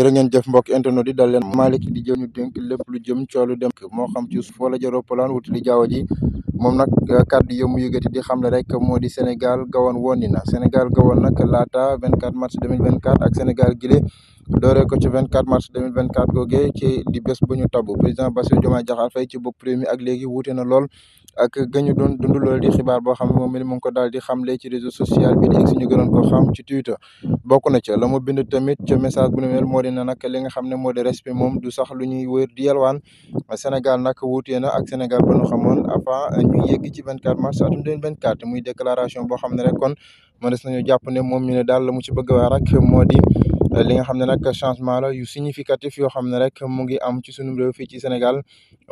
jërë ngeen jëf mbokk internet yi dal leen Malick di jëw ñu dénk lépp lu jëm coolu dem moo xam ci suuf wala jaro palaan wutali jaww ji moom nag euh, di xamle rek moo di Sénégal gawoon woon na Sénégal gawoon nag laata 24 mars 2024 ak Sénégal gile dooree ko ci 24 mars 2024 googee ci di bés bu ñu tabb président Bassirou Diomaye Diakhar Faye ci bopp réew ak léegi wuute na lool ak gañu doon dund loolu di xibaar boo xam ne moom mi mu ngi ko daal di xamle ci réseau social bi di X xam ci Twitter bokk na ca la mu bind tamit ca message bu mel moo di ne nag li nga xam ne moo di respect moom du sax lu ñuy wër di yalwaan Sénégal nag wuutee na ak Sénégal ba nu xamoon avant ñu yegg ci 24 mars atum 2024 muy déclaration boo xam ne rek kon mënees nañu jàpp ne moom mi ne daal la mu ci bëgg waa rek moo di euh, li nga xam ne nag changement la yu significatif yoo xam ne rek mu ngi am ci sunu réew fii ci Sénégal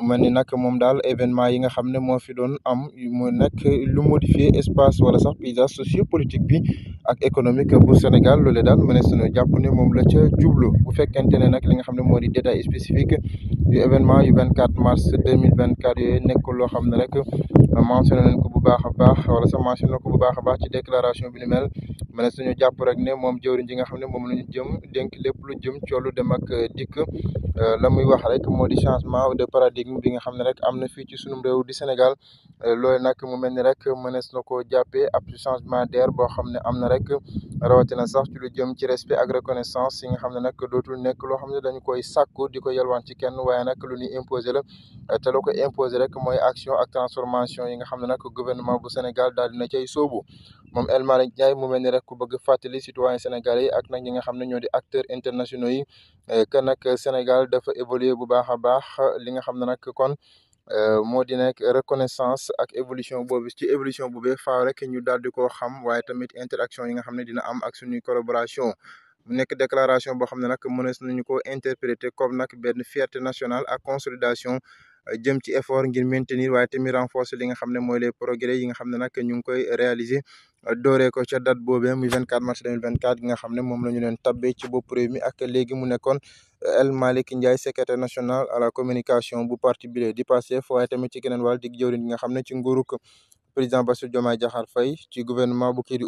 mel ni nag moom daal événement yi nga xam ne moo fi doon am mu nekk lu modifier espace wala sax paysage sociopolitique bi ak économique bu Sénégal loolee daal mënees nañu jàpp ne moom la ca jublu bu fekkente ne nag li nga xam ne moo di détail spécifique yu événement yu 24 mars 2024 yooyu nekkul loo xam ne rek mentionné nañ ko bu baax a baax wala sax mentionné na ko bu baax a baax ci déclaration bi ni mel mënees nañu jàpp rek ne moom jëwriñ ji nga xam ne moom la ñu jëm dénk lépp lu jëm ci wàllu dem ak euh, dikk euh, bi nga xam ne rek am na fii ci sunum réew di Sénégal euh, loolu nag mu mel ni rek mënees na koo jàppee ab changement d'air boo xam ne am na rek rawatina sax ci lu jëm ci respect ak reconnaissance yi nga xam ne nag dootul nekk loo xam ne dañu koy sàkku di ko yalwaan ci kenn waaye nag lu ñuy imposer la te la ko imposer rek mooy action ak transformation yi nga xam ne nag gouvernement bu Sénégal daal dina cay soobu moom El Malick Ndiaye mu ni rek ku bëgg fàttali citoyen sénégalais yi ak nag ñi nga xam ne ñoo di acteurs internationaux yi eh, que nag Sénégal dafa évoluer bu baax a baax li nga xam ne nag kon eh, moo di nek reconnaissance ak évolution boobu ci évolution boobu faaw rek ñu daal di koo xam waaye tamit interaction yi nga xam ne dina am ak suñuy collaboration nekk déclaration boo xam ne nag mënees nañu ko interpréter comme nag benn fierté nationale ak consolidation jëm ci effort ngir maintenir waaye tamit renforcer li nga xam ne mooy les progrès yi nga xam ne nag ñu ngi réaliser dooree ko ca date boobee muy 24 mars 2024 nga xam ne moom la ñu leen tabbee ci bopp réew ak léegi mu El Malick Ndiaye secrétaire national à la communication bu parti bi di passé waaye tamit ci geneen wàll di jëwriñ nga xam ne ci nguuruk président Bassirou Diomaye Diakhar Faye ci gouvernement bu kii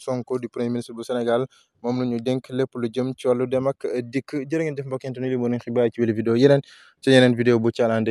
Sonko di premier ministre bu Sénégal moom la lépp lu jëm ci wàllu dem ak dikk jërë ngeen